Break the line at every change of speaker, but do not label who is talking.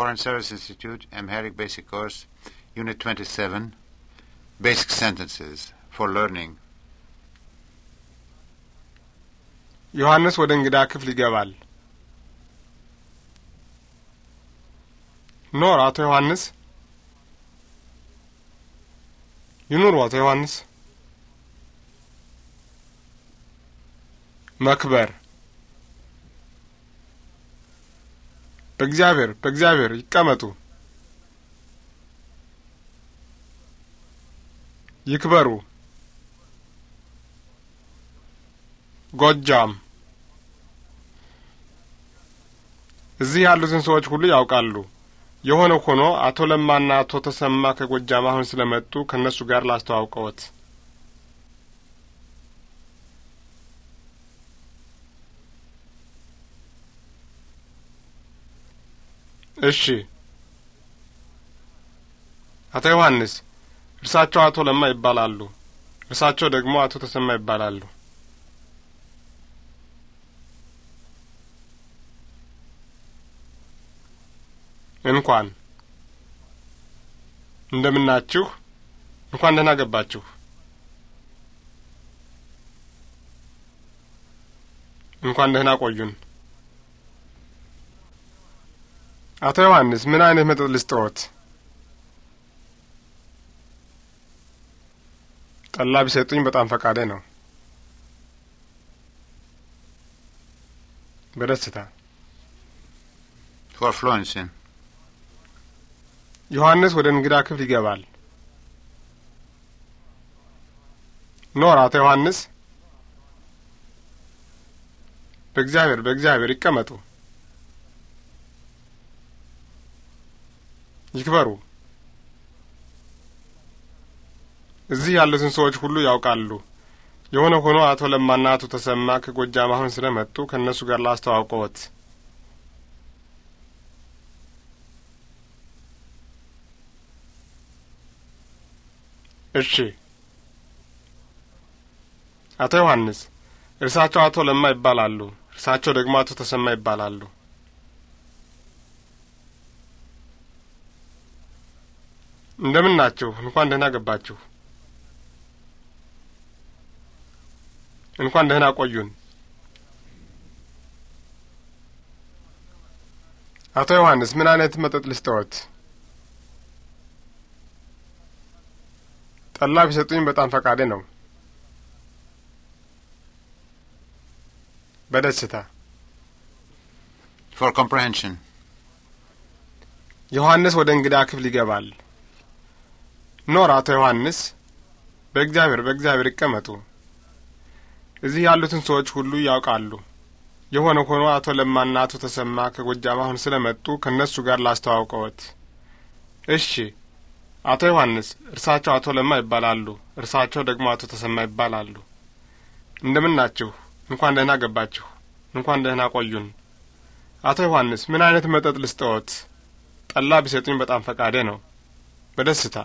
Foreign Service Institute, Amharic Basic Course, Unit 27, Basic Sentences for Learning. ዮሐንስ ወደ እንግዳ ክፍል ይገባል። ኖር አቶ ዮሐንስ ይኑሩ አቶ ዮሐንስ መክበር በእግዚአብሔር በእግዚአብሔር ይቀመጡ። ይክበሩ። ጎጃም እዚህ ያሉትን ሰዎች ሁሉ ያውቃሉ። የሆነ ሆኖ አቶ ለማና አቶ ተሰማ ከጎጃም አሁን ስለመጡ ከእነሱ ጋር ላስተዋውቀዎት። እሺ። አቶ ዮሐንስ እርሳቸው አቶ ለማ ይባላሉ። እርሳቸው ደግሞ አቶ ተሰማ ይባላሉ። እንኳን እንደምናችሁ። እንኳን ደህና ገባችሁ። እንኳን ደህና ቆዩን። አቶ ዮሐንስ ምን አይነት መጠጥ ልስጥዎት? ጠላ ቢሰጡኝ በጣም ፈቃደ ነው። በደስታ ፎር ዮሐንስ ወደ እንግዳ ክፍል ይገባል። ኖር አቶ ዮሐንስ በእግዚአብሔር በእግዚአብሔር ይቀመጡ። ይክበሩ። እዚህ ያሉትን ሰዎች ሁሉ ያውቃሉ። የሆነ ሆኖ አቶ ለማና አቶ ተሰማ ከጐጃም አሁን ስለ መጡ ከእነሱ ጋር ላስተዋውቀዎት። እሺ። አቶ ዮሐንስ፣ እርሳቸው አቶ ለማ ይባላሉ። እርሳቸው ደግሞ አቶ ተሰማ ይባላሉ። እንደምን ናችሁ? እንኳን ደህና ገባችሁ። እንኳን ደህና ቆዩን። አቶ ዮሐንስ ምን አይነት መጠጥ ልስጠዎት? ጠላ ቢሰጡኝ በጣም ፈቃዴ ነው። በደስታ ፎር ኮምፕሬንሽን ዮሐንስ ወደ እንግዳ ክፍል ይገባል። ኖር አቶ ዮሐንስ በእግዚአብሔር በእግዚአብሔር ይቀመጡ። እዚህ ያሉትን ሰዎች ሁሉ ያውቃሉ። የሆነ ሆኖ አቶ ለማና አቶ ተሰማ ከጎጃም አሁን ስለ መጡ ከእነሱ ጋር ላስተዋውቀዎት። እሺ። አቶ ዮሐንስ እርሳቸው አቶ ለማ ይባላሉ። እርሳቸው ደግሞ አቶ ተሰማ ይባላሉ። እንደምን ናችሁ? እንኳን ደህና ገባችሁ። እንኳን ደህና ቆዩን። አቶ ዮሐንስ ምን አይነት መጠጥ ልስጠዎት? ጠላ ቢሰጡኝ በጣም ፈቃዴ ነው። በደስታ